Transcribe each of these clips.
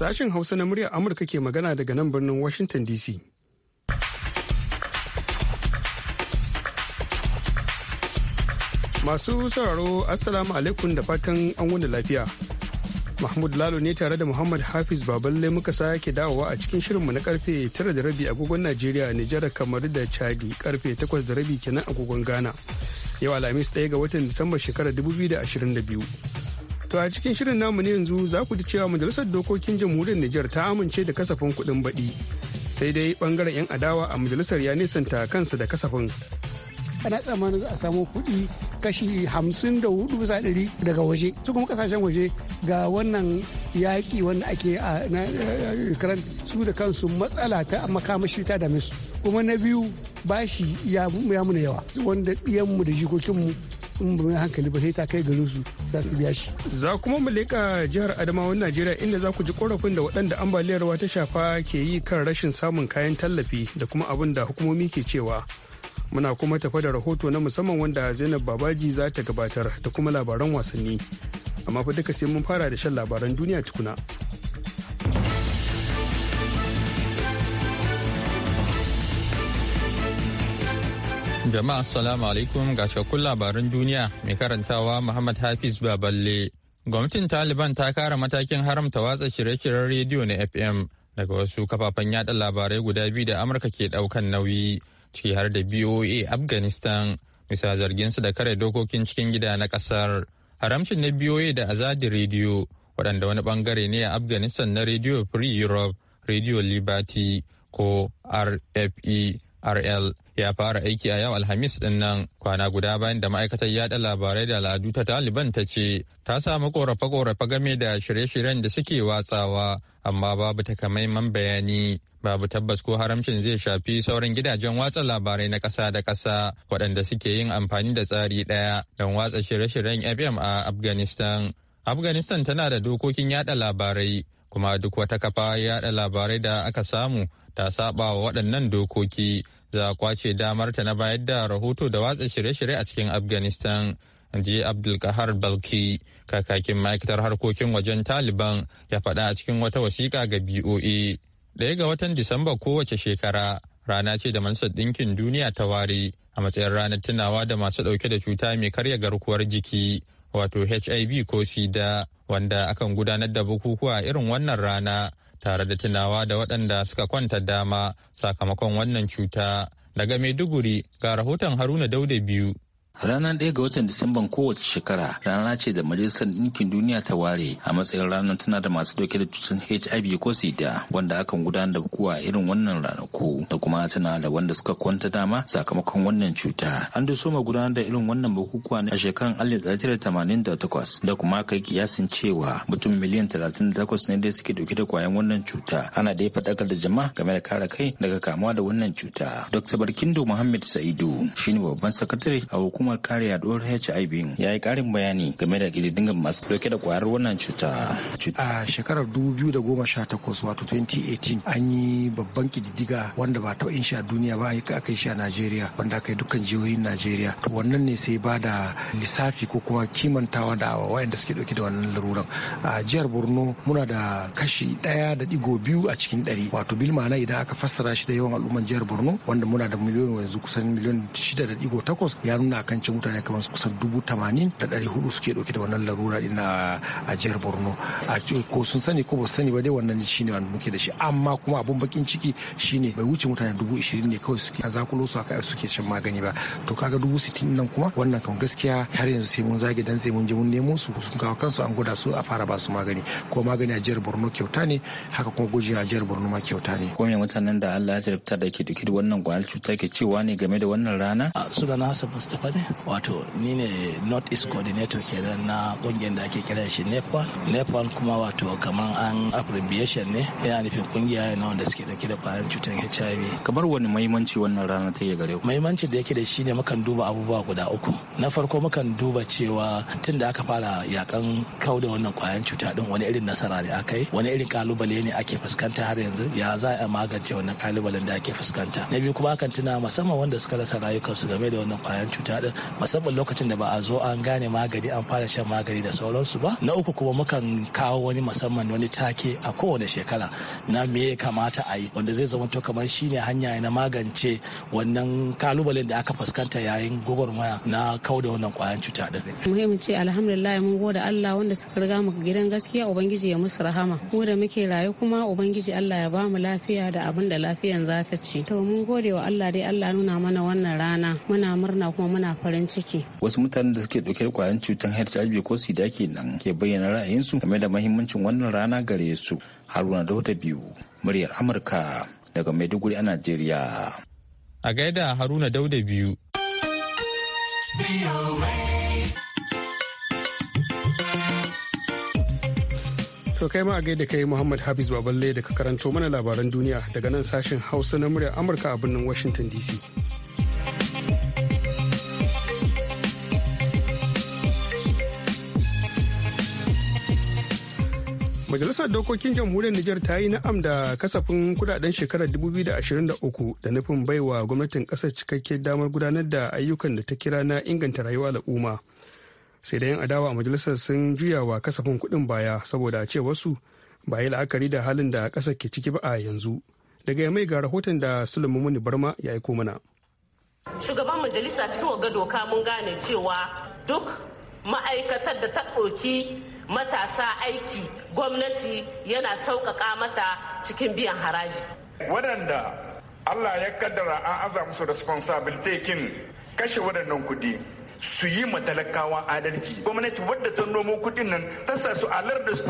Sashen Hausa na muryar Amurka ke magana daga nan birnin Washington DC. Masu sauraro Assalamu alaikum da fatan an wani lafiya. Mahmud Lalo ne tare da Muhammad Hafiz Baballe muka sake dawowa a cikin shirinmu na karfe 9 da rabi agogon Najeriya, Nijar, kamar da Chadi karfe 8 da rabi kenan agogon Ghana. Yau Alhamis 1 ga watan Disamba shekarar 2022. To a cikin shirin namu ne yanzu za ku ji cewa majalisar dokokin jamhuriyar Nijar ta amince da kasafin kuɗin baɗi. Sai dai bangaren 'yan adawa a majalisar ya nisanta kansa da kasafin. ana tsammanin za a samu kuɗi kashi hamsin da hudu bisa ɗari daga waje su kuma kasashen waje ga wannan yaƙi wanda ake a eh, ukraine su da kansu matsala ta makamashi ta dame kuma na biyu bashi ya muna yawa wanda ɗiyanmu da jikokinmu in ba hankali ba sai ta kai garin su za su biya shi. Za kuma mu leƙa jihar Adamawan Najeriya inda za ku ji korafin da waɗanda ambaliyar ruwa ta shafa ke yi kan rashin samun kayan tallafi da kuma abin da hukumomi ke cewa. Muna kuma tafa da rahoto na musamman wanda Zainab Babaji za ta gabatar da kuma labaran wasanni. Amma fa duka sai mun fara da shan labaran duniya tukuna. Jama'a salamu alaikum ga cikakkun labaran duniya mai karantawa Muhammad Hafiz Baballe. Gwamnatin Taliban ta kara matakin haramta watsa shirye-shiryen rediyo na FM daga wasu kafafen yada labarai guda biyu da Amurka ke daukan nauyi ciki har da BOA Afghanistan bisa zarginsu da kare dokokin cikin gida na kasar. Haramcin na BOA da Azadi rediyo waɗanda wani bangare ne a Afghanistan na Radio Free Europe, Radio Liberty ko rferl ya fara aiki a yau alhamis din nan kwana guda bayan da ma'aikatar yada labarai da al'adu ta taliban ta ce ta samu korafe-korafe game da shirye-shiryen da suke watsawa amma babu takamaiman bayani babu tabbas ko haramcin zai shafi sauran gidajen watsa labarai na ƙasa da ƙasa waɗanda suke yin amfani da tsari ɗaya don watsa shirye-shiryen fm a afghanistan afghanistan tana da dokokin yada labarai kuma duk wata kafa yada labarai da aka samu ta saba wa waɗannan dokoki za a kwace damarta na bayar da rahoto da watsa shirye-shirye a cikin afghanistan ji abdulkahar balki kakakin ma'aikatar harkokin wajen taliban ya faɗa a cikin wata wasiƙa ga boa. ɗaya ga watan disamba kowace shekara rana ce da majalisar ɗinkin duniya ta ware a matsayin ranar tunawa da masu ɗauke da cuta mai karya garkuwar jiki wato hiv ko sida wanda akan gudanar da bukukuwa irin wannan rana tare da tunawa da waɗanda suka kwanta dama sakamakon wannan cuta daga maiduguri ga rahoton haruna dauda biyu Ranar ɗaya ga watan Disamban kowace shekara rana ce da Majalisar Ɗinkin Duniya ta ware a matsayin ranar tana da masu dauke da cutar HIV ko sida wanda akan gudanar da bukuwa irin wannan ranaku da kuma tana da wanda suka kwanta dama sakamakon wannan cuta. An da soma gudanar da irin wannan bukukuwa ne a shekarun 1988 da da takwas kuma yi kiyasin cewa mutum miliyan talatin da takwas ne dai suke dauke da kwayan wannan cuta. Ana da ya faɗakar da jama'a game da kare kai daga kamuwa da wannan cuta. Dr. Barkindo muhammed Sa'idu shine babban sakatare a hukumar hukumar kare yaduwar hiv ya yi karin bayani game da kididdigar masu dauke da kwayar wannan cuta a shekarar 2018 wato 2018 an yi babban kididdiga wanda ba taɓa yin shi a duniya ba aka kai shi a najeriya wanda aka yi dukkan jihohin najeriya to wannan ne sai ba da lissafi ko kuma kimantawa da wayanda suke dauke da wannan laruran a jihar borno muna da kashi ɗaya da digo biyu a cikin ɗari wato bil ma'ana idan aka fassara shi da yawan al'umman jihar borno wanda muna da miliyon yanzu kusan miliyon shida da ɗigo takwas ya nuna iyakance mutane kamar kusan dubu tamanin da ɗari hudu suke ɗauke da wannan larura din a jihar borno ko sun sani ko ba su sani ba dai wannan shi ne wanda muke da shi amma kuma abun bakin ciki shi ne. bai wuce mutane dubu ishirin ne kawai suke zakulo su aka suke shan magani ba to kaga dubu sittin nan kuma wannan kan gaskiya har yanzu sai mun zage dan sai mun je mun nemo su sun kawo kansu an gwada su a fara ba su magani ko magani ajiyar borno kyauta ne haka kuma guji a borno ma kyauta ne ko me mutanen da Allah ya jarabta da ke dauke da wannan kwayar cuta ke cewa ne game da wannan rana na Hassan Mustapha wato ni ne north east coordinator kenan na kungiyar da ake kira shi nepal nepal kuma wato kamar an abbreviation ne yana nufin kungiya na wanda suke dauke da kwayan cutar hiv kamar wani mahimmanci wannan rana ta gare ku mahimmanci da yake da shi ne mukan duba abubuwa guda uku na farko mukan duba cewa tun da aka fara yakan kau da wannan kwayan cuta din wani irin nasara ne aka yi wani irin kalubale ne ake fuskanta har yanzu ya za a magance wannan kalubalen da ake fuskanta na biyu kuma akan tuna musamman wanda suka rasa rayukansu game da wannan kwayan cuta din musamman lokacin da ba a zo an gane magani an fara shan magani da sauransu ba na uku kuma mukan kawo wani musamman wani take a kowane shekara na me ya kamata a yi wanda zai zama to kamar shine hanya na magance wannan kalubalen da aka fuskanta yayin gwagwarmaya na kau da wannan kwayan cuta din muhimmin ce alhamdulillah mun gode Allah wanda suka riga mu gidan gaskiya ubangiji ya musu rahama mu da muke rayu kuma ubangiji Allah ya ba mu lafiya da abin da lafiyan za ta ci to mun gode wa Allah dai Allah nuna mana wannan rana muna murna kuma muna farin ciki. Wasu mutanen da suke ɗauke da kwayan cutar HIV ko sida nan ke bayyana ra'ayinsu game da mahimmancin wannan rana gare su. Haruna Dauda biyu, muryar Amurka daga Maiduguri a Najeriya. A gaida Haruna Dauda biyu. To kai ma a gaida kai Muhammad Hafiz Baballe da ka karanto mana labaran duniya daga nan sashen Hausa na muryar Amurka a birnin Washington DC. Majalisar Dokokin Jamhuriyar Nijar ta yi na'am da kasafin kudaden shekarar 2023 da nufin baiwa gwamnatin kasar cikakke damar gudanar da ayyukan da ta kira na inganta rayuwa al'umma. Sai da yin adawa a majalisar sun juya wa kasafin kudin baya saboda a ce wasu ba yi la'akari da halin da kasar ke ciki ba a yanzu. Daga mai ga rahoton da Sulaimu Muni Barma ya aiko mana. Shugaban majalisa cikin wa doka mun gane cewa duk ma'aikatar da ta ɗauki matasa aiki gwamnati yana sauƙaƙa mata cikin biyan haraji. Waɗanda Allah ya kaddara an aza musu responsibility kin kashe waɗannan kuɗi su yi matalakawa adalci. Gwamnati wadda ta nomo kuɗin nan ta sa su alar da su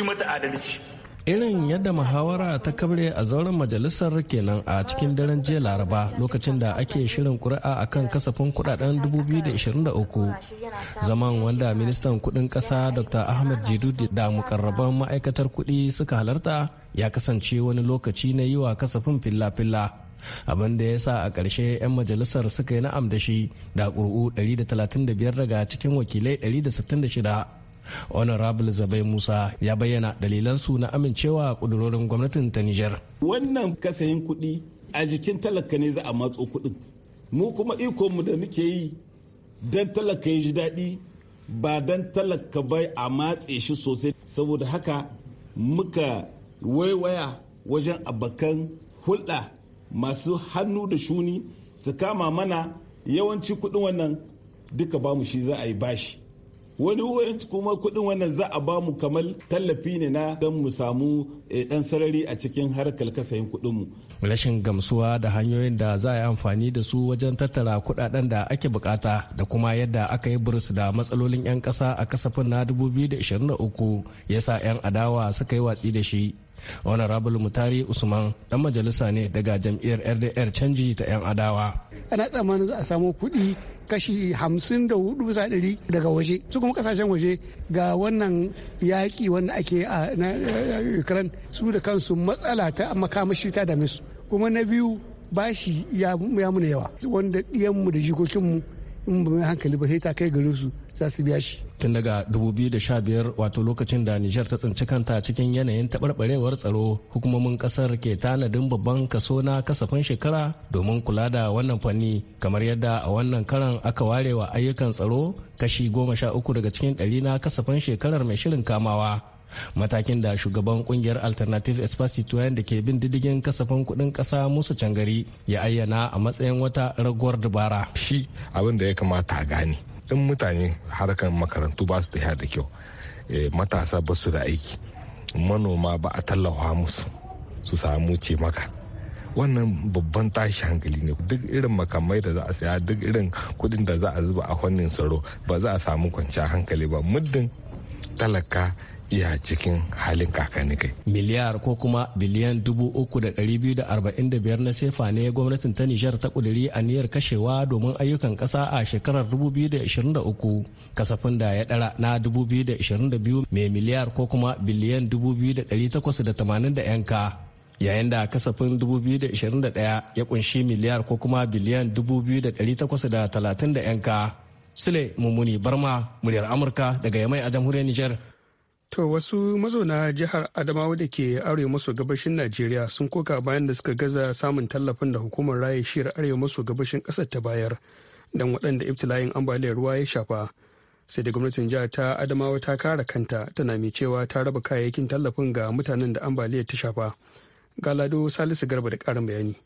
yi mata adalci. irin yadda muhawara ta kabre a zauren majalisar kenan a cikin daren jiya laraba lokacin da ake shirin kuri'a a kan kasafin kudaden 2023 zaman wanda ministan kudin kasa dr ahmed jidu da mukarraban ma'aikatar kudi suka halarta ya kasance wani lokaci na yi wa kasafin filla-filla abin da ya sa a ƙarshe 'yan majalisar suka yi na'am da shi da ƙuri'u 135 daga cikin wakilai 166 honorable zabai musa ya bayyana dalilansu na amincewa kudurorin gwamnatin ta nijar wannan kasayin kuɗi a jikin talaka ne za a matso kuɗin mu kuma ikonmu da muke yi don talaka ya ji daɗi ba don talaka bai a matse shi sosai saboda haka muka waiwaya wajen abakan hulɗa masu hannu da shuni su kama mana yawanci kuɗin wannan duka bamu shi za a yi bashi wani wayanci kuma kuɗin wannan za a bamu kamar tallafi ne na don mu samu dan eh, sarari a cikin harkar kasayin kuɗin mu rashin gamsuwa da hanyoyin da za a yi amfani da su wajen tattara kudaden da ake bukata da kuma yadda aka yi burus da matsalolin 'yan kasa a kasafin na 2023 ya sa 'yan adawa suka yi watsi da shi honorable mutari usman dan majalisa ne daga jam'iyyar rdr canji ta 'yan adawa ana tsammanin za a samu kuɗi kashi hamsin da hudu bisa ɗari daga waje su kuma kasashen waje ga wannan yaƙi wanda ake a eh, ukraine su da kansu matsala ta makamashi ta dame su kuma na biyu bashi ya muna yawa wanda ɗiyanmu da jikokinmu in ba mai hankali ba sai ta kai gare su za su biya shi tun daga biyar wato lokacin da nijar ta tsinci kanta cikin yanayin taɓarɓarewar tsaro hukumomin ƙasar ke tanadin babban kaso na kasafin shekara domin kula da wannan fanni kamar yadda a wannan karan aka ware wa ayyukan tsaro kashi goma sha uku daga cikin ɗari na kasafin shekarar mai shirin kamawa matakin da shugaban kungiyar alternative espacitoyen da ke bin diddigin kasafin kudin kasa musu cangari ya ayyana a matsayin wata raguwar dubara shi abin da ya kamata a gane in mutane harkar makarantu ba su da kyau eh, matasa ba su da aiki manoma ba a tallafa musu su samu ce maka wannan babban tashi hankali ne duk irin makamai da za a saya duk irin kudin da za a zuba a fannin tsaro ba za a samu kwanciyar hankali ba muddin talaka ya cikin halin kakanni kai. Miliyar ko kuma biliyan dubu uku da ɗari biyu da arba'in da biyar na sefa ne gwamnatin ta Nijar ta ƙudiri niyyar kashewa domin ayyukan ƙasa a shekarar dubu biyu da ishirin da uku kasafin da ya ɗara na dubu biyu da ishirin da biyu mai miliyar ko kuma biliyan dubu biyu da ɗari takwas da tamanin da yanka. yayin da kasafin 2021 ya kunshi miliyar ko kuma biliyan 2,830 'yanka. Sule Mummuni Barma, muryar Amurka daga Yamai a jamhuriyar Nijar. To wasu mazauna jihar Adamawa da ke arewa maso gabashin Najeriya sun koka bayan da suka gaza samun tallafin da hukumar raya shiyar arewa maso gabashin ƙasar ta bayar don waɗanda iftilayin ambaliyar ruwa ya shafa. Sai da gwamnatin jihar ta Adamawa ta kara kanta tana mai cewa ta raba kayayyakin tallafin ga mutanen da ambaliyar ta shafa. Galado Salisu Garba da ƙarin bayani.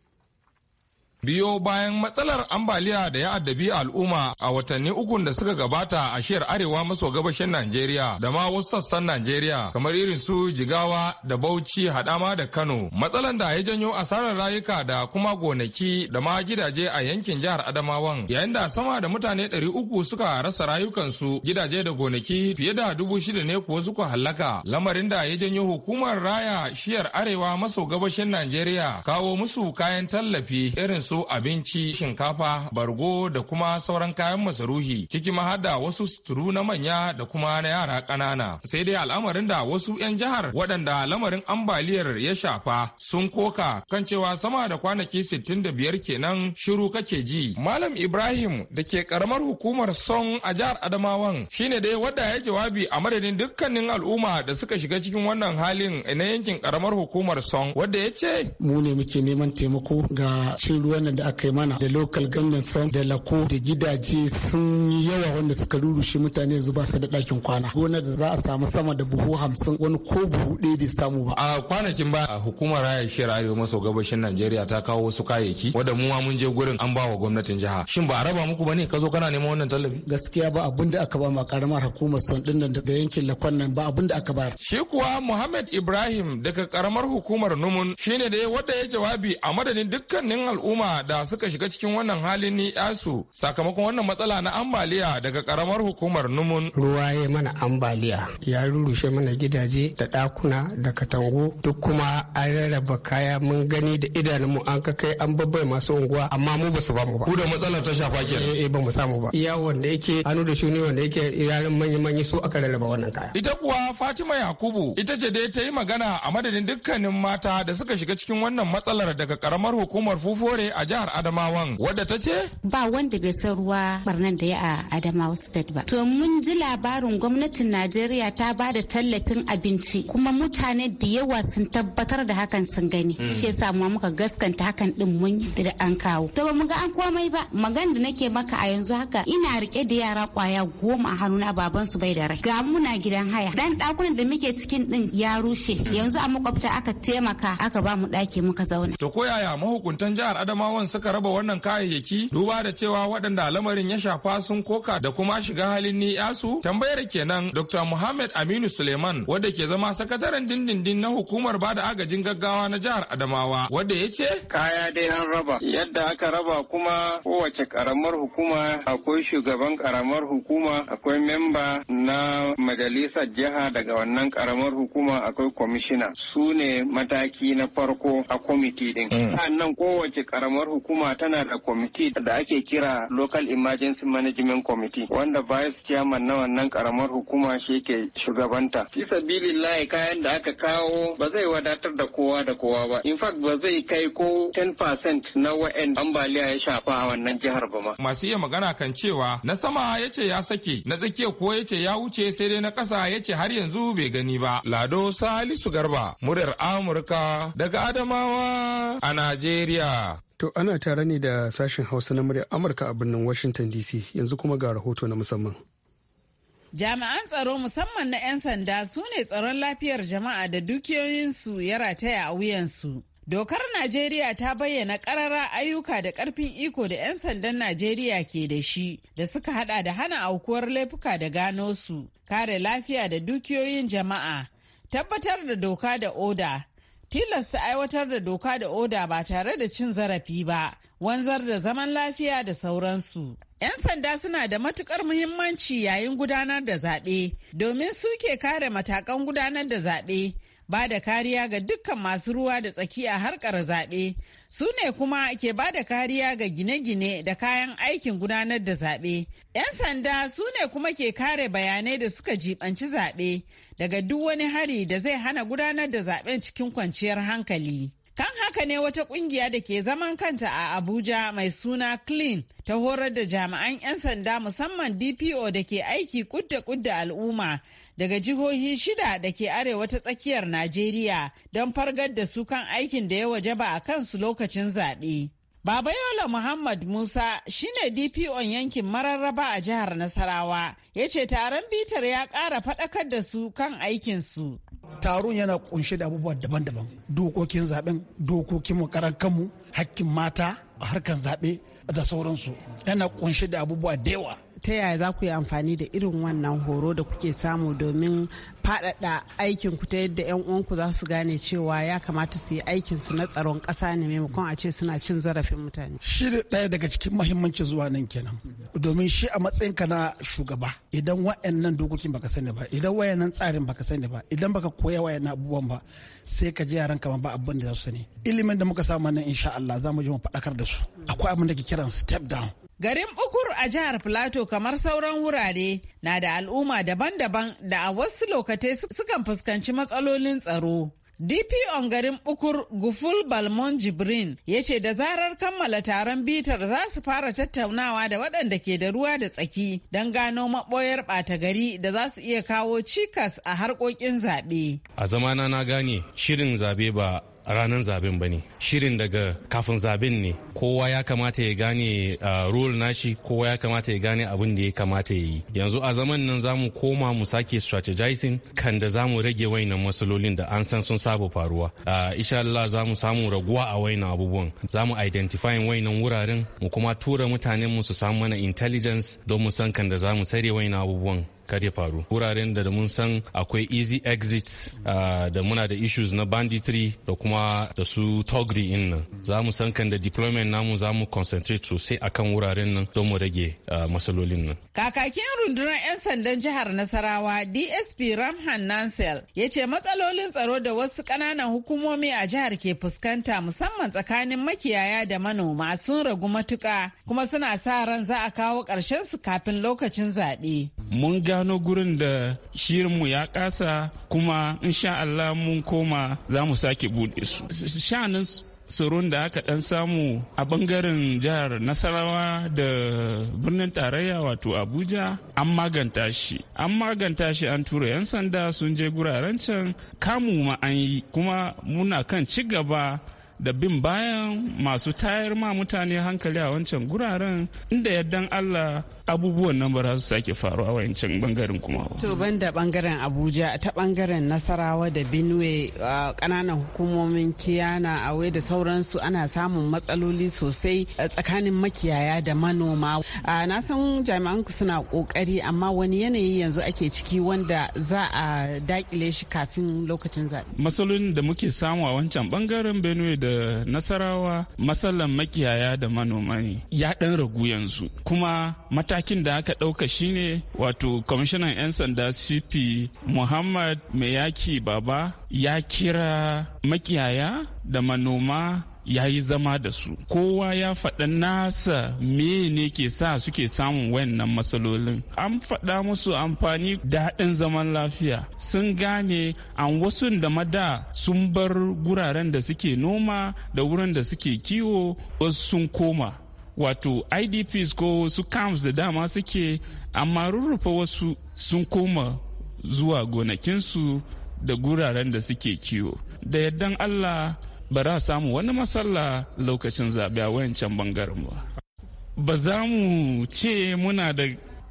biyo bayan matsalar ambaliya da ya addabi al'umma a watanni uku da suka gabata a shiyar arewa maso gabashin Najeriya da ma wasu sassan Najeriya kamar irin su Jigawa da Bauchi Hadama da Kano matsalar da ya janyo asarar rayuka da kuma gonaki da ma gidaje a yankin jihar Adamawan yayin da sama da mutane ɗari uku suka rasa rayukansu gidaje da gonaki fiye da dubu shida ne kuwa suka hallaka lamarin da ya janyo hukumar raya shiyar arewa maso gabashin Najeriya kawo musu kayan tallafi irin su su abinci, shinkafa, bargo da kuma sauran kayan masaruhi, ciki ma hada wasu suturu na manya da kuma na yara ƙanana. Sai dai al'amarin da wasu 'yan jihar waɗanda lamarin ambaliyar ya shafa sun koka kan cewa sama da kwanaki 65 kenan shiru kake ji. Malam Ibrahim da ke karamar hukumar Song a jihar Adamawan shine dai wadda ya jawabi a madadin dukkanin al'umma da suka shiga cikin wannan halin na yankin karamar hukumar Song wadda ya ce. Mu ne muke neman taimako ga cin ruwan wannan da aka yi mana da local government son da lako da gidaje sun yi yawa wanda suka rurushe mutane yanzu ba su da ɗakin kwana gona da za a samu sama da buhu hamsin wani ko buhu ɗaya bai samu ba a kwanakin ba hukumar raya shiyar arewa maso gabashin najeriya ta kawo wasu kayayyaki wadda mu mun je gurin an ba wa gwamnatin jiha shin ba a raba muku ba ne ka zo kana neman wannan tallafi gaskiya ba abin da aka ba ma karamar hukumar son ɗin nan daga yankin lakon nan ba abin da aka bayar shi kuwa muhammad ibrahim daga karamar hukumar numun shine da ya wadda ya jawabi a madadin dukkanin al'umma da suka shiga cikin wannan halin ni yasu sakamakon wannan matsala na ambaliya daga karamar hukumar numun ruwa ya mana ambaliya ya rurushe mana gidaje da dakuna da katangu duk kuma an rarraba kaya mun gani da idanunmu an ka kai an babbai masu unguwa amma mu basu ba mu ba ku da matsalar ta shafa ke eh, eh ba mu samu ba iya wanda yake hannu da shuni wanda yake yaran manyan manyan su aka rarraba wannan kaya ita kuwa Fatima Yakubu ita ce dai ta yi magana a madadin dukkanin mata da suka shiga cikin wannan matsalar daga karamar hukumar Fufore a a jihar Adamawan wadda ta ce ba wanda bai san ruwa barnan da ya a Adamawa State ba. To mun ji labarin gwamnatin Najeriya ta ba da tallafin abinci kuma mutane da yawa sun tabbatar da hakan sun gani. Hmm. Shi yasa mu muka gaskanta hakan din mun da an kawo. To ba mu ga an komai ba magan da nake maka a yanzu haka ina rike da yara kwaya goma a hannuna baban su bai da rai. Ga muna gidan haya. Dan dakunan da muke cikin din ya rushe. Hmm. Yanzu a makwabta aka taimaka aka ba mu daki muka zauna. To ko yaya mahukuntan jihar Adamawa Adamawan suka raba wannan kayayyaki duba da cewa waɗanda lamarin ya shafa sun koka da kuma shiga halin ni yasu tambayar kenan Dr. Muhammad Aminu Suleiman wadda ke zama sakataren dindindin na hukumar ba da agajin gaggawa na jihar Adamawa wadda ya ce kaya dai an raba yadda aka raba kuma kowace karamar hukuma akwai shugaban karamar hukuma akwai memba na majalisar jiha daga wannan karamar hukuma akwai kwamishina su ne mataki na farko a kwamiti din mm. sannan kowace karamar karamar hukuma tana da kwamiti da ake kira Local Emergency Management Committee wanda Vice Chairman na wannan karamar hukuma shi yake shugabanta. Fi sabilillahi kayan da aka kawo ba zai wadatar da kowa da kowa ba. In fact ba zai kai ko 10% na wa'en ambaliya ya shafa a wannan jihar ba ma. Masu iya magana kan cewa na sama ya ce ya sake, na tsakiya ko ya ce ya wuce sai dai na kasa ya ce har yanzu bai gani ba. Lado Salisu Garba, muryar Amurka daga Adamawa a Najeriya. To ana tare ne da sashen Hausa na murya Amurka a birnin Washington DC yanzu kuma ga rahoto na musamman. Jami'an tsaro musamman na 'yan sanda su ne tsaron lafiyar jama'a da dukiyoyinsu ya rataya a wuyansu. Dokar Najeriya ta bayyana karara ayyuka da ƙarfin iko da 'yan sandan Najeriya ke da shi da suka hada da hana aukuwar laifuka da gano su, kare lafiya da dukiyoyin jama'a, tabbatar da doka da oda, tilasta aiwatar da doka da oda ba tare da cin zarafi ba wanzar da zaman lafiya da sauransu 'yan sanda suna da matukar muhimmanci yayin gudanar da zaɓe domin suke kare matakan gudanar da zaɓe ba da kariya ga dukkan masu ruwa da tsaki a harkar zaɓe su ne kuma ke ba da kariya ga gine-gine da kayan aikin gudanar da zaɓe 'yan sanda su ne kuma ke kare bayanai da suka jibanci zaɓe daga duk wani hari da zai hana gudanar da zaɓen cikin kwanciyar hankali Kan haka ne wata ƙungiya da ke zaman kanta a Abuja mai suna Clean ta horar da jami'an 'yan sanda musamman DPO da ke aiki kudda kudda al'umma daga jihohi shida da ke arewa ta tsakiyar Najeriya don fargar da su kan aikin da ya wajaba a kansu lokacin zaɓe. Baba Yola Muhammad Musa shine DPO'n yankin mararraba a jihar Nasarawa ya ce taron bitar ya ƙara faɗakar da su kan aikinsu. taron yana kunshe da abubuwa daban-daban dokokin zaɓen, dokokin makarar kanmu hakkin mata harkan zaɓe da sauransu yana kunshe da abubuwa da yawa ta yaya za ku yi amfani da irin wannan horo da kuke samu domin faɗaɗa aikin ku ta yadda 'yan uwanku za su gane cewa ya kamata su yi aikin su na tsaron ƙasa ne maimakon a ce suna cin zarafin mutane. Shi ɗaya daga cikin mahimmancin zuwa nan kenan. Domin shi a matsayin ka na shugaba idan wa'annan dokokin baka sani ba idan wayannan tsarin baka sani ba idan baka koya wayannan abubuwan ba sai ka ji yaran kamar ba abin da za su sani. Ilimin da muka samu nan insha Allah za mu je mu faɗakar da su. Akwai abin da ke kiran step down. Garin bukur a jihar Filato kamar sauran wurare na da al'umma daban-daban da a wasu lokatai sukan fuskanci matsalolin tsaro. on garin bukur Guful Balmon Jibrin ya ce da zarar kammala taron bitar za su fara tattaunawa da waɗanda ke da ruwa da tsaki don gano maɓoyar ɓata gari da za su iya kawo cikas a harkokin zaɓe. A zamana na gane shirin zaɓe ba ranar zaben ba ne shirin daga kafin zaben ne kowa ya kamata ya gane uh, rule nashi kowa ya kamata ya gane abin da ya kamata ya yi yanzu a zaman nan za mu koma mu sake strategizing kan da za mu rage wainan matsalolin da an san sun saba faruwa uh, insha Allah za mu samu raguwa a wainan abubuwan za mu identify wainan wuraren mu kuma tura mutanen mu su samu mana intelligence don mu san kan da za mu tsare wainan abubuwan kar ya faru wuraren da mun san akwai easy exit ah, da muna da issues na banditry da kuma da su togri in nan za mu san kan da deployment namu za mu concentrate sosai akan wuraren nan don mu rage ah, matsalolin nan kakakin rundunar 'yan sandan jihar nasarawa dsp ramhan nansel ya ce matsalolin tsaro da wasu kananan hukumomi a jihar ke fuskanta musamman tsakanin makiyaya da manoma sun ragu matuka kuma suna sa ran za a kawo ƙarshen su kafin lokacin zaɓe. mun gano gurin da shirinmu ya kasa kuma insha Allah mun koma za mu sake bude su shanin tsaron da aka dan samu a bangaren jihar nasarawa da birnin tarayya wato abuja an maganta shi an maganta shi an tura 'yan sanda sun je guraren can kamu ma an yi kuma muna kan ci gaba da bin bayan masu tayar ma mutane hankali a wancan guraren inda yardan allah abubuwan nan ba za su sake faru a wayancan bangaren kuma ba. To ban da bangaren Abuja ta bangaren Nasarawa da Benue kananan hukumomin Kiyana a da sauransu ana samun matsaloli sosai tsakanin makiyaya da manoma. Na san jami'an ku suna kokari amma wani yanayi yanzu ake ciki wanda za a dakile shi kafin lokacin zaɓe. Matsalolin da muke samu a wancan bangaren Benue da Nasarawa matsalan makiyaya da manoma ne ya ɗan ragu yanzu kuma mata matakin da aka ɗauka shine wato kwamishinan 'yan sanda cp muhammad mai yaki baba ya kira makiyaya da manoma ya yi zama da su kowa ya faɗa nasa me ne ke sa suke samun wayannan matsalolin an faɗa musu amfani daɗin zaman lafiya sun gane an wasu da mada sun bar guraren da suke noma da wurin da suke kiwo wasu sun koma wato idps ko wasu camps da dama suke amma rurrufa wasu sun koma zuwa gonakinsu da guraren da suke kiwo da yardan allah ba za samu wani matsala lokacin zaɓe a wayancan bangaren ba ba za mu ce muna da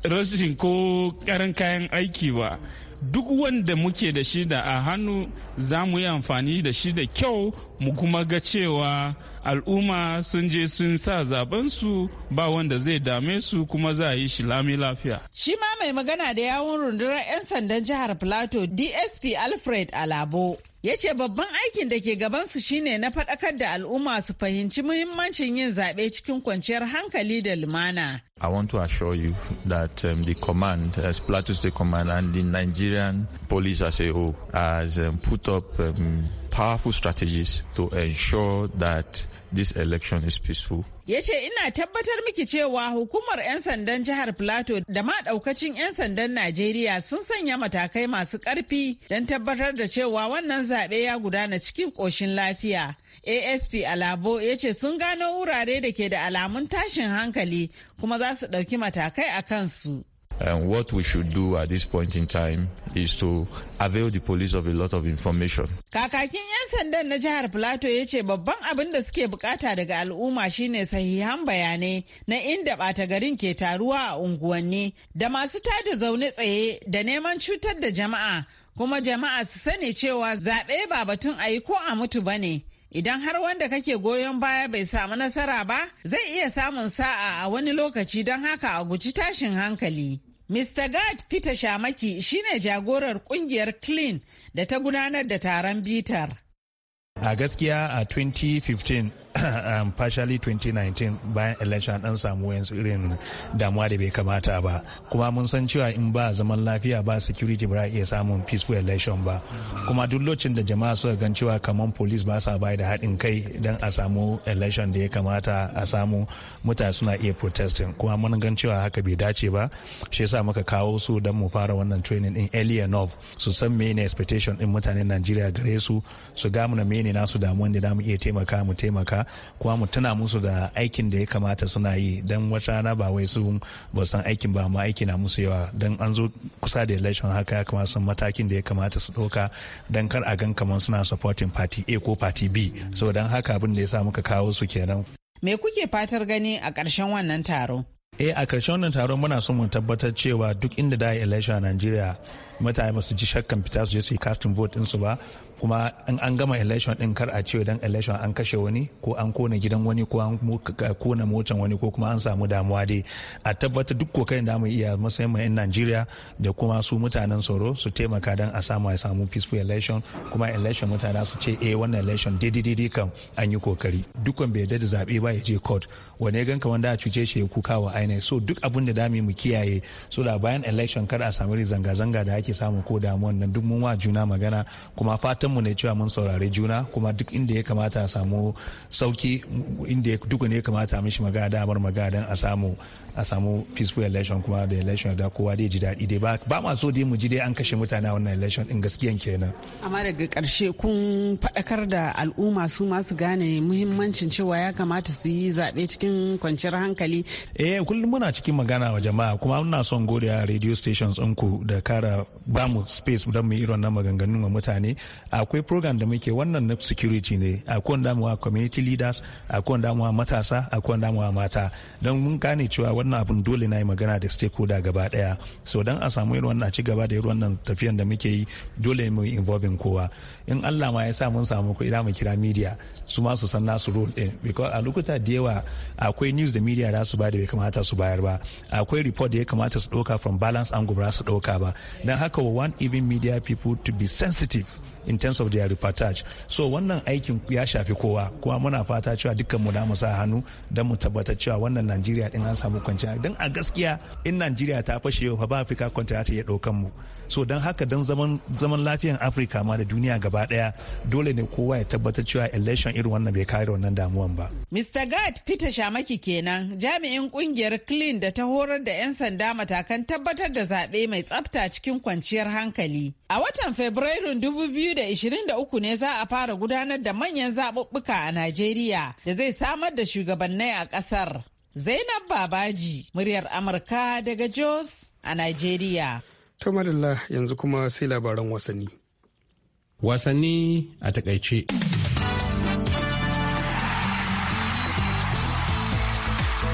rashin ko ƙaran kayan aiki ba duk wanda muke da shi da a hannu za mu yi amfani da shi da kyau mu kuma ga cewa al'umma sun je sun sa zabensu ba wanda zai dame su kuma za a yi shi lami lafiya. Shi ma mai magana da yawun rundunar 'yan sandan jihar Plateau DSP Alfred Alabo. ya ce babban aikin da ke gabansu shine na faɗakar da al'umma su fahimci muhimmancin yin zaɓe cikin kwanciyar hankali da lumana. I want to assure you that um, the command, as Plateau State Command and the Nigerian police as a whole, has um, put up um, powerful strategies to ensure that this election is peaceful. Ya ce ina tabbatar miki cewa hukumar 'yan sandan jihar Plateau da ma daukacin 'yan sandan Najeriya sun sanya matakai masu ƙarfi don tabbatar da cewa wannan zaɓe ya gudana cikin ƙoshin lafiya. asp alabo ya ce sun gano wurare da ke da alamun tashin hankali kuma za su ɗauki matakai a kansu And what we should do at this point in time is to avail the police of a lot of information. Kakakin 'yan sandan na jihar plato ya ce babban abin da suke bukata daga al'umma shine sahihan bayanai na inda bata garin ke taruwa a unguwanni da masu tada zaune tsaye da neman cutar da jama'a kuma jama'a su sani cewa zaɓe ba batun a yi ko a mutu ba ne. idan har wanda kake goyon baya bai samu nasara ba zai iya samun sa'a a wani lokaci don haka a guji tashin hankali. Mr. Gad Peter Shamaki shine jagorar kungiyar Clean da ta gudanar da taron bitar. A gaskiya a 2015 um, partially 2019 bayan election dan samu yanzu irin damuwa da bai kamata ba kuma mun san cewa in ba zaman lafiya ba security ba iya samun peaceful election ba mm. kuma duk lokacin da jama'a suka gan cewa kamar police ba sa bai da haɗin kai don a samu election da ya kamata a samu mutane suna iya protesting kuma mun gan cewa haka bai dace ba shi yasa muka kawo su dan mu fara wannan training din early enough su san mene expectation din mutanen Najeriya gare su su ga mu na mene nasu damuwan da mu iya taimaka mu taimaka kuma mu tuna musu da aikin da ya kamata suna yi don wata rana ba wai su ba san aikin ba amma aiki na musu yawa don an zo kusa da election haka ya kamata san matakin da ya kamata su ɗauka don kar a gan kamar suna supporting party A ko party B so don haka abin da ya sa muka kawo su kenan. Me kuke fatar gani a ƙarshen wannan taro? eh a ƙarshen wannan taron muna son mu tabbatar cewa duk inda da election a Najeriya mutane ba su ji shakkan fita su je su yi casting vote su ba kuma in an gama election din kar a ce dan election an kashe wani ko an kona gidan wani ko an kona motan wani ko kuma an samu damuwa dai a tabbatar duk kokarin da mu iya musamman in Najeriya da kuma su mutanen tsaro su taimaka dan a samu a samu peaceful election kuma election mutane su ce eh wannan election daidai daidai kan an yi kokari dukkan bai da zabe ba ya je court wani ya ganka wanda a cuce shi ya kuka wa aina so duk abin da dami mu kiyaye so da bayan election kar a samu zanga-zanga da ake samu ko damuwan nan duk mun wa juna magana kuma fatan mu ne cewa mun saurari juna kuma duk inda ya kamata a samu sauki inda duk ne ya kamata mishi magana damar magadan a samu a samu peaceful election kuma da election da kowa dai ji daɗi dai ba ma so dai mu ji dai an kashe mutane a wannan election din gaskiyan kenan amma daga karshe kun faɗakar da al'umma su masu gane muhimmancin cewa ya kamata su yi zaɓe cikin kwanciyar hankali eh kullum muna cikin magana wa jama'a kuma muna son gode a radio stations ku da kara ba mu space don mu irin na maganganun wa mutane akwai program da muke wannan na security ne akwai mu community leaders akwai mu matasa akwai mu mata don mun gane cewa wannan abun dole na yi magana da stakeholder gaba daya so dan a samu irin wannan ci gaba da irin wannan tafiyan da muke yi dole mu involving kowa in Allah ma ya sa mun samu ko idan mu kira media su ma su san nasu role din because a lokuta da yawa akwai news da media za su bada bai kamata su bayar ba akwai report da ya kamata su doka from balance angle ba su doka ba dan haka we want even media people to be sensitive in terms of their reportage so wannan aikin ya shafi kowa kuma muna fata cewa dukkan mu da mu sa hannu don mu tabbatar cewa wannan Najeriya din an samu kwanciya don a gaskiya in Najeriya ta fashe yau fa ba Africa ta iya daukan mu so don haka don zaman lafiyan afirka ma da duniya gaba daya dole ne kowa ya tabbatar cewa election irin wannan bai kare wannan damuwan ba mr gad peter shamaki kenan jami'in kungiyar clean da ta horar da 'yan sanda matakan tabbatar da zaɓe mai tsafta cikin kwanciyar hankali a watan fabrairun 2023 ne za a fara gudanar da manyan zaɓuɓɓuka a najeriya da zai samar da shugabannai a ƙasar zainab babaji muryar amurka daga jos a najeriya To madalla yanzu kuma sai labaran wasanni. Wasanni a takaice.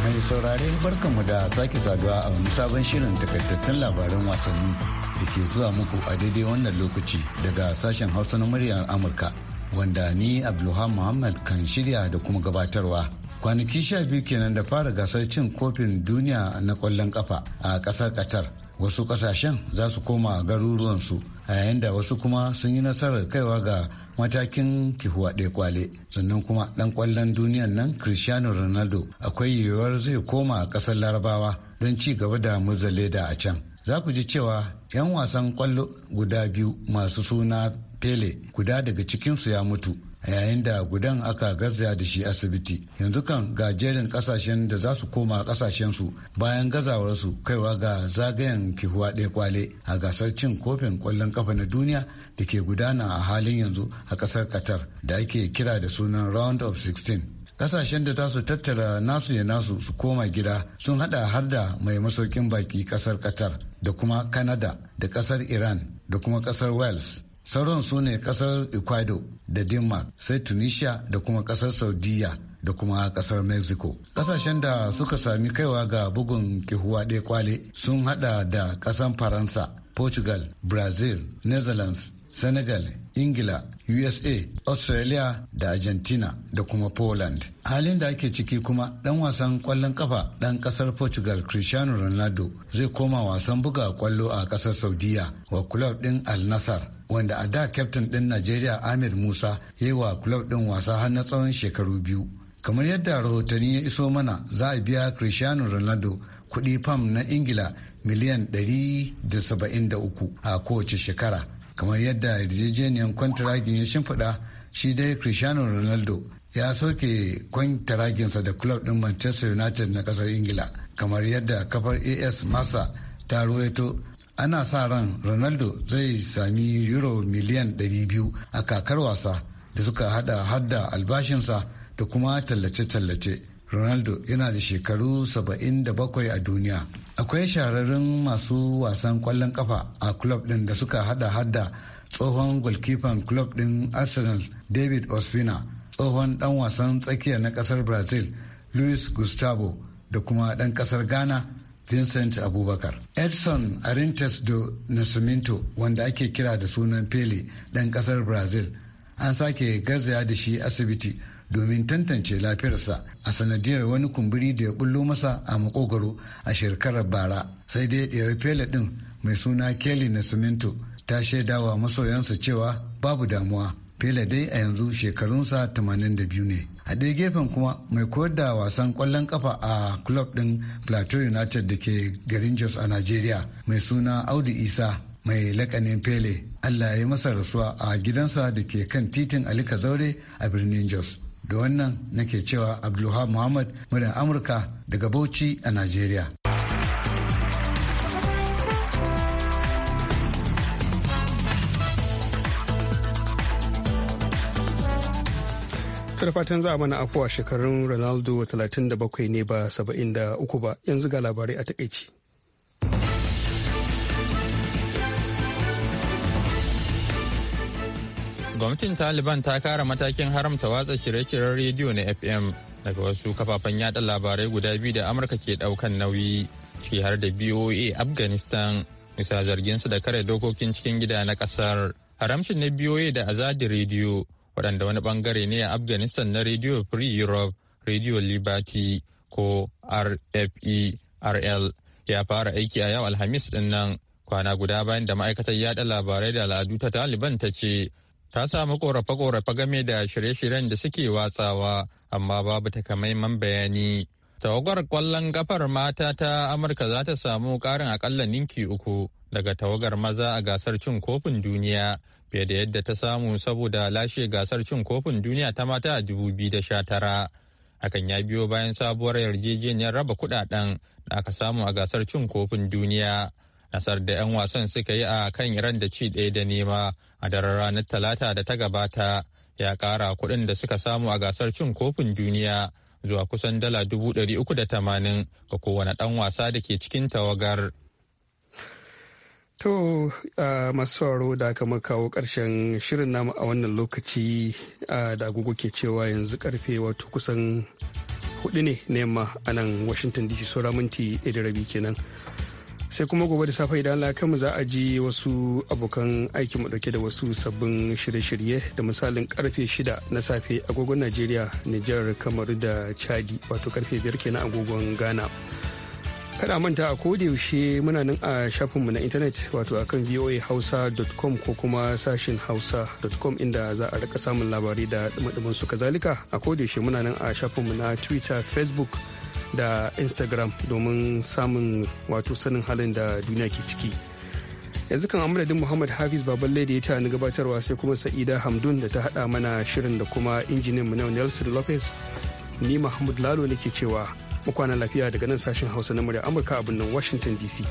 Mai saurare barkanmu da sake saduwa a wani sabon shirin takaitattun labaran wasanni da ke zuwa muku a daidai wannan lokaci daga sashen hausa na muryar Amurka wanda ni Abdullahi Muhammad kan shirya da kuma gabatarwa. Kwanaki sha biyu kenan da fara gasar cin kofin duniya na kwallon kafa a ƙasar Qatar. wasu kasashen za su koma garuruwansu a yayin da wasu kuma sun yi nasarar kaiwa ga matakin ɗaya kwale sannan kuma ɗan ƙwallon duniyan nan cristiano ronaldo akwai yiwuwar zai koma a ƙasar larabawa don ci gaba da muzale da a can za ku ji cewa 'yan wasan kwallo guda biyu masu suna pele guda daga cikinsu ya mutu a yayin da gudan aka gaza da shi asibiti yanzu kan ga jerin kasashen da za su koma kasashensu bayan gazawarsu kaiwa ga zagayen kihuwa ɗaya kwale a gasar cin kofin ƙwallon kafa na duniya da ke gudana a halin yanzu a ƙasar qatar da ake kira da sunan round of 16 kasashen da za su tattara nasu ya nasu su koma gida sun hada har da mai masaukin baki kasar qatar da kuma kanada da kasar iran da kuma kasar wales sauran su ne kasar ecuador da denmark sai tunisia da kuma kasar saudiya da kuma kasar mexico kasashen da suka sami kaiwa ga bugun kihuwa ɗaya kwale sun hada da kasan faransa portugal brazil netherlands senegal ingila usa australia da argentina da kuma poland halin da ake ciki kuma dan wasan kwallon kafa dan kasar portugal cristiano ronaldo zai koma wasan buga kwallo a kasar saudiya wa kulob din al nassar wanda a da kyaftin din najeriya amir musa ya wa kulob din wasa har na tsawon shekaru biyu kamar yadda rahotanni ya iso mana za a biya cristiano ronaldo kuɗi fam na ingila miliyan da saba'in uku a kowace shekara kamar yadda yarjejeniyar kwantaragin ya shimfiɗa shi dai cristiano ronaldo ya soke kwantaraginsa da club ɗin manchester united na ƙasar ingila kamar yadda kafar as masa ta ruwaito ana sa ran ronaldo zai sami euro miliyan 200 a kakar wasa da suka hada hadda albashinsa da kuma tallace-tallace ronaldo yana da shekaru 77 a duniya akwai shahararrun masu wasan kwallon kafa a club din da suka hada hada tsohon goalkeeper club din arsenal david ospina tsohon dan wasan tsakiya na kasar brazil luis gustavo da kuma dan kasar ghana vincent abubakar edson arintes do nascimento wanda ake kira da sunan pele dan kasar brazil an sake garzaya da shi asibiti domin tantance lafiyarsa a sanadiyar wani kumburi da ya bullo masa a makogaro a shekarar bara sai dai ɗerar fela ɗin mai suna kelly na siminto ta shaidawa masoyansa cewa babu damuwa fela dai a yanzu shekarunsa 82 ne a ɗaya gefen kuma mai koyar da wasan ƙwallon kafa a club ɗin plateau united da ke garin jos a nigeria mai suna audu isa mai lakanin pele allah ya yi masa rasuwa a gidansa da ke kan titin alika zaure a birnin jos da wannan nake cewa abdulhab muhammad murin amurka daga bauchi a najeriya da fatan za a mana afuwa shekarun ronaldo 37 ne ba 73 ba yanzu ga labarai a takaici gwamnatin taliban ta kara matakin haramta watsa shirye-shiryen rediyo na fm daga wasu kafafen yada labarai guda biyu da amurka ke daukan nauyi ciki har da boa afghanistan bisa zarginsu da kare dokokin cikin gida na kasar haramcin na boa da azadi rediyo waɗanda wani bangare ne a afghanistan na radio free europe radio liberty ko rferl ya fara aiki a yau alhamis ɗin kwana guda bayan da ma'aikatar yada labarai da al'adu ta taliban ta ce ta samu korafe-korafe game da shirye-shiryen da suke watsawa amma babu takamaiman bayani. Tawagar kwallon kafar mata ta Amurka za ta samu ƙarin akalla ninki uku daga tawagar maza a gasar cin kofin duniya fiye da yadda ta samu saboda lashe gasar cin kofin duniya ta mata a 2019. Hakan ya biyo bayan sabuwar yarjejeniyar raba kudaden da aka samu a gasar cin kofin duniya. nasar da 'yan wasan suka yi a kan iran da ci ɗaya da nema a daren ranar talata da ta gabata ya kara kuɗin da suka samu a gasar cin kofin duniya zuwa kusan dala dubu ɗari uku da tamanin ga kowane ɗan wasa da ke cikin tawagar. To masu sauraro da aka kawo ƙarshen shirin namu a wannan lokaci da agogo ke cewa yanzu karfe wato kusan hudu ne na yamma a nan Washington DC saura minti rabi kenan. sai kuma gobe da safe idan Allah mu za a ji wasu abokan aiki mu dauke da wasu sabbin shirye-shirye da misalin karfe shida na safe agogon Najeriya, Nijar, Kamaru da Chadi wato karfe 5 kenan agogon Ghana. Kada manta a yaushe muna nan a shafinmu na intanet wato akan voahausa.com ko kuma sashin hausa.com inda za a rika samun labarai da dumadumin su kazalika a yaushe muna nan a shafinmu na Twitter, Facebook, da instagram domin samun wato sanin halin da duniya ke ciki yanzu kan amadadin muhammad hafiz baballe da ya ta ni gabatarwa sai kuma sa'ida hamdun da ta hada mana shirin da kuma injinin mu nelson lopez ni mahmud lalo nake cewa mu lafiya daga nan sashen hausa na murya amurka a birnin washington dc